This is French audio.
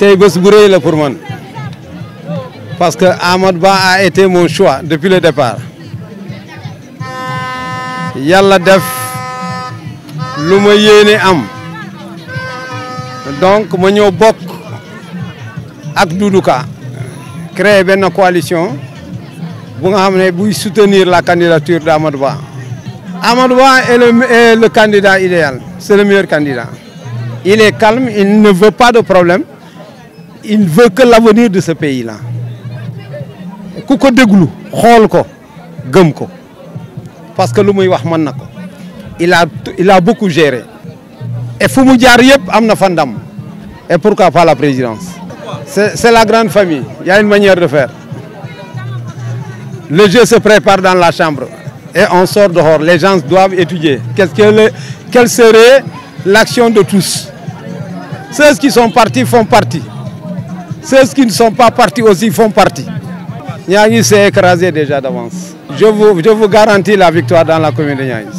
C'est un bu pour moi, parce que Ahmad Ba a été mon choix depuis le départ Yalla def luma donc ma ñeu bok ak une créer une coalition bu nga soutenir la candidature d'Ahmad Ba. Ahmad Ba est le candidat idéal c'est le meilleur candidat il est calme il ne veut pas de problème il veut que l'avenir de ce pays là ku ko Gumko. parce que lu muy il a il a beaucoup géré et et pourquoi pas la présidence c'est la grande famille il y a une manière de faire le jeu se prépare dans la chambre et on sort dehors les gens doivent étudier qu'est-ce que le quelle serait l'action de tous ceux qui sont partis font partie ceux qui ne sont pas partis aussi font partie. Nianis s'est écrasé déjà d'avance. Je vous, vous garantis la victoire dans la commune de Nianis.